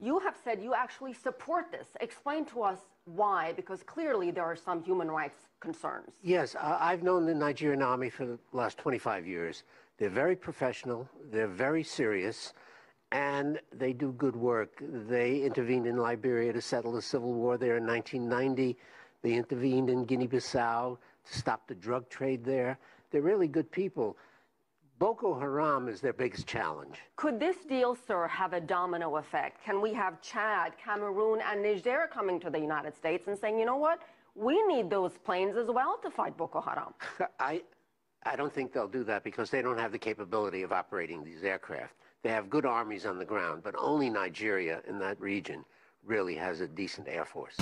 You have said you actually support this. Explain to us why, because clearly there are some human rights concerns. Yes, I've known the Nigerian army for the last 25 years. They're very professional, they're very serious, and they do good work. They intervened in Liberia to settle the civil war there in 1990. They intervened in Guinea Bissau to stop the drug trade there. They're really good people. Boko Haram is their biggest challenge. Could this deal, sir, have a domino effect? Can we have Chad, Cameroon, and Niger coming to the United States and saying, you know what? We need those planes as well to fight Boko Haram. I, I don't think they'll do that because they don't have the capability of operating these aircraft. They have good armies on the ground, but only Nigeria in that region really has a decent air force.